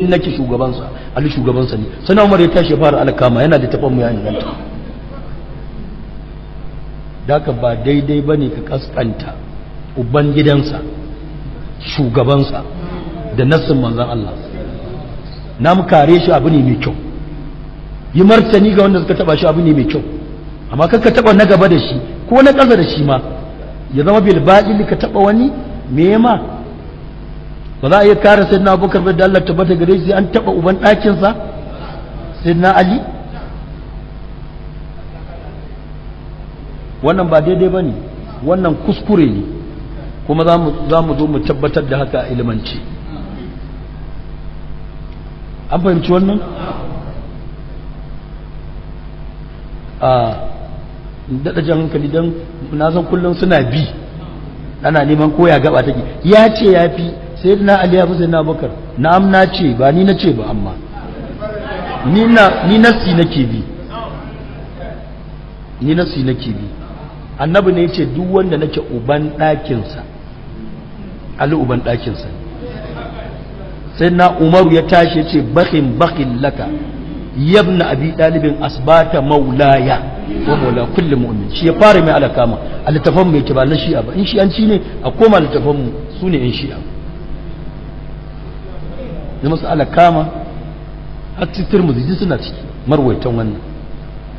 Inna nake shugabansa ali shugabansa ne sannan umar ya tashi fara alkama yana da tafan mu ya inganta ka ba daidai bane ka kaskanta uban gidansa shugabansa da nassin manzon Allah na mu kare shi abu ne mai kyau yi martani ga wanda suka taba shi abu ne mai kyau amma kar ka taba na gaba da shi ko na ƙasa da shi ma ya zama bil ka taba wani me ma ba za a iya kare sayyidina abubakar ba da Allah tabbata gare shi an taba uban ɗakin sa sayyidina ali wannan ba daidai bane wannan kuskure ne kuma za mu zo mu tabbatar da haka ilmanci an fahimci wannan a daɗa jan hankali don nasan san kullum suna bi ana neman koya gaba take ya ce ya fi sai na ali ya fusa na bakar na'am na ce ba ni na ce ba amma ni nasi nake bi ni nasi nake bi annabi ne ce duk wanda nake uban sa ali uban sa sai na umaru ya tashi yace ce bakin bakin laka yabna abi dalibin asbata maulaya wa maula kulli mu'min shi ya fara mai alakama a mai ke ba na shi'a ba in shi an ci ne a koma littafan mu sune ne in shi'a da mas'ala kama har tirmidhi duk suna ciki marwaitan wannan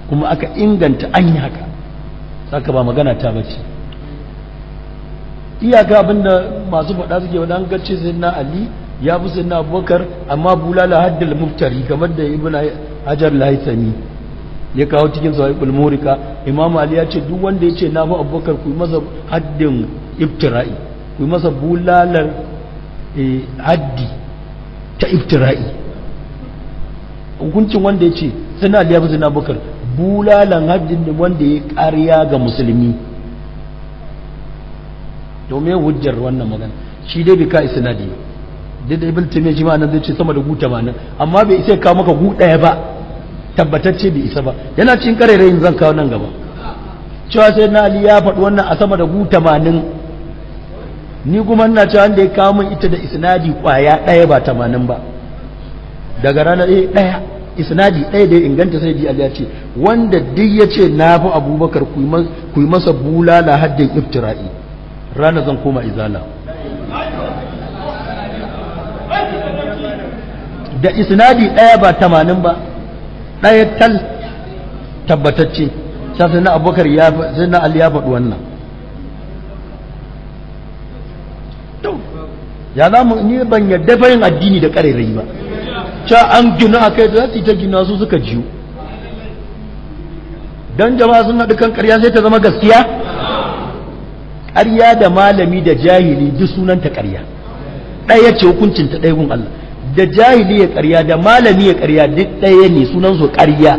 kuma aka inganta an yi haka saka ba magana ta bace iyaka abinda masu faɗa suke wani an gace sai na ali ya fi sai na abubakar amma bulala haddal muftari kamar da ibina hajar lahisani ya kawo cikin sahih bulmurika imam ali ya ce duk wanda ya ce na fi abubakar ku masa haddin iftira'i ku masa bulalar eh, haddi ta iftira'i hukuncin wanda ya ce suna ali ya suna bukar bulalan hajjin da wanda ya ƙarya ga musulmi domin hujjar wannan magana shi dai bai ka na dai da ibn taymiya shi ma nan zai ce sama da guta ma amma bai isa kawo maka guda daya ba tabbatacce bai isa ba yana kare karerayin zan kawo nan gaba cewa sai na ali ya faɗi wannan a sama da guta 80 ni kuma ina cewa wanda ya kawo min ita da isnadi kwaya ɗaya ba tamanin ba daga ranar eh, ɗaya isnadi ɗaya da inganta sai ji Allah ce wanda duk ya ce na fi abubakar ku yi masa bulala haddin iftira'i ranar zan koma izala da isnadi ɗaya ba tamanin ba ɗaya tal tabbatacce sai na abubakar ya sai na ali ya faɗi wannan ya za mu ni ban yadda bayin addini da rai ba ca an gina a kai su ta gina su suka jiyo don jama'a sun haɗu kan ƙarya sai ta zama gaskiya ƙarya da malami da jahili duk sunan ta ƙarya ɗaya ce hukuncin ta ɗaya Allah da jahili ya ƙarya da malami ya ƙarya duk ɗaya ne sunan su ƙarya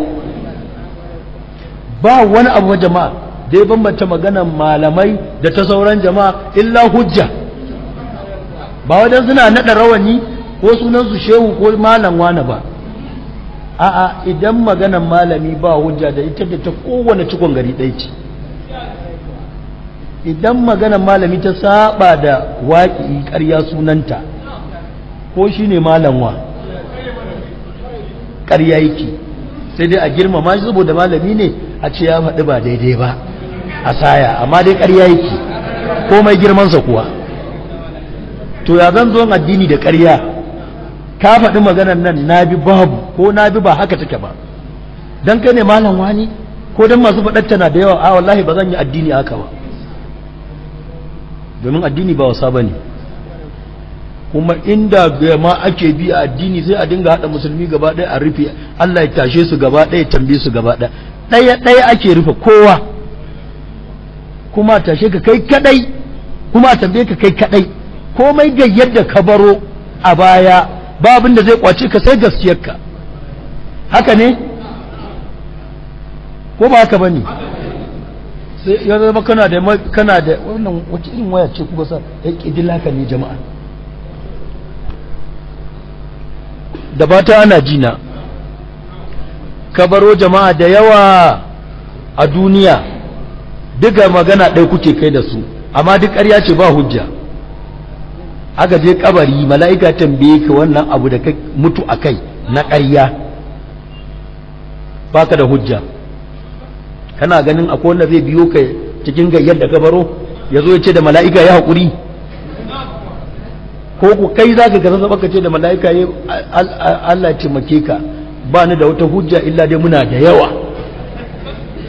ba wani abu jama'a da ya bambanta maganan malamai da ta sauran jama'a illa hujja ba wajen suna naɗa rawani ko sunansu shehu ko malam wani ba a'a idan maganan malami ba hujja da ita da ta kowane cikon gari ɗaya ce idan maganan malami ta saba da waƙi ƙarya sunanta ko shi ne malamwa ƙarya yake sai dai a girmama shi saboda malami ne a ce ya faɗi ba daidai ba a saya amma dai ƙarya yake komai girmansa kuwa to ya zan zo addini da ƙarya ka faɗi maganar nan na bi babu ko na bi ba haka take ba Don kai ne malam wani ko don masu faɗatta na da yawa a wallahi ba zan yi addini haka ba domin addini ba wasa ba ne. kuma inda ma ake bi a addini sai a dinga haɗa musulmi gaba ɗaya a rufe Allah ya tashe su gaba ɗaya tambaye su gaba ɗaya ɗaya ɗaya ake rufe kowa kuma tashe ka kai kaɗai, kuma tambaye ka kai kaɗai. komai ga yadda ka baro a baya babin da zai kwace ka sai gaskiyarka haka ne ko ba haka bane sai ya zama kana da kana da wannan wace irin waya ce kuka sa ya kidila ka ne jama'a da bata ana jina ka baro jama'a da yawa a duniya duka magana ɗaya kuke kai da su amma duk ƙarya ce ba hujja aka je kabari mala'ika tambaye ka wannan abu da ka mutu a kai na ƙarya baka da hujja kana ganin akwai wanda zai biyo ka cikin gayyar da kabaro ya zo ya ce da mala'ika ya haƙuri ko ku kai za ka gasa zaba ka ce da mala'ika ya Allah taimake ka ba ni da wata hujja illa dai muna da yawa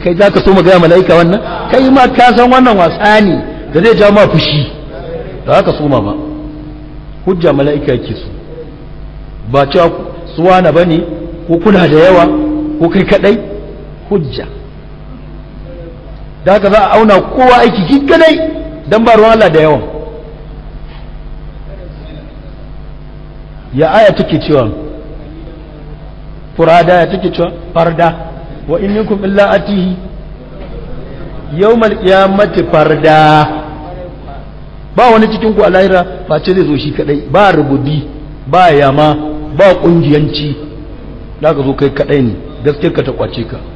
kai za ka so magana mala'ika wannan kai ma ka san wannan wasa ne da zai jawo ma fushi da haka so ma ba hujja mala'ika yake su ba cewa suwana ba ne ko kuna da yawa ko kai kadai hujja da haka za a auna kowa aiki giggadai don ba ruwan Allah da yawan ya aya take cewa furada ya take cewa farda wa in minkum illa atihi yawmal qiyamati farda ba wani cikin ku a lahira face zai zo shi kadai ba rubudi ba yama ba kungiyanci da ka zo kai kadai ne gaskiyar ka ta kwace ka